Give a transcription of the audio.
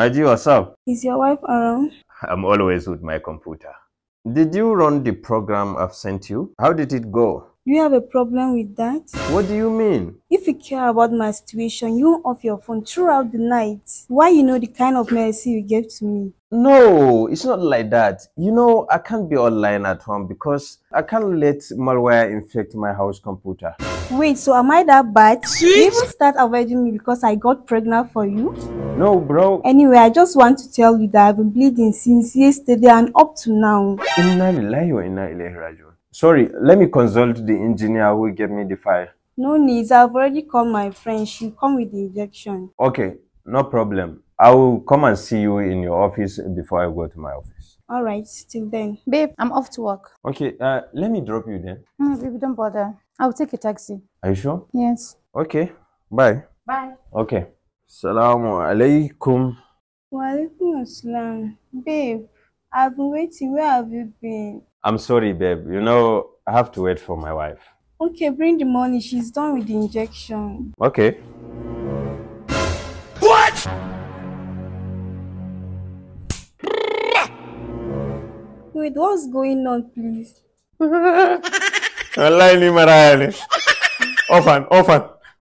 Maji, what's up? Is your wife around? I'm always with my computer. Did you run the program I've sent you? How did it go? you have a problem with that? What do you mean? If you care about my situation, you off your phone throughout the night. Why you know the kind of mercy you gave to me? No, it's not like that. You know, I can't be online at home because I can't let malware infect my house computer. Wait, so am I that bad? Jeez. You even start avoiding me because I got pregnant for you? No, bro. Anyway, I just want to tell you that I've been bleeding since yesterday and up to now. Eh, Sorry, let me consult the engineer who gave me the file. No needs. I've already called my friend. She'll come with the injection. Okay, no problem. I will come and see you in your office before I go to my office. All right, till then. Babe, I'm off to work. Okay, uh, let me drop you then. Mm, baby, don't bother. I'll take a taxi. Are you sure? Yes. Okay, bye. Bye. Okay. Salamu alaikum. Walaikum assalam. Babe, I've been waiting. Where have you been? I'm sorry, babe. You know, I have to wait for my wife. Okay, bring the money. She's done with the injection. Okay. What? Wait, what's going on, please? Online, Marayale. Off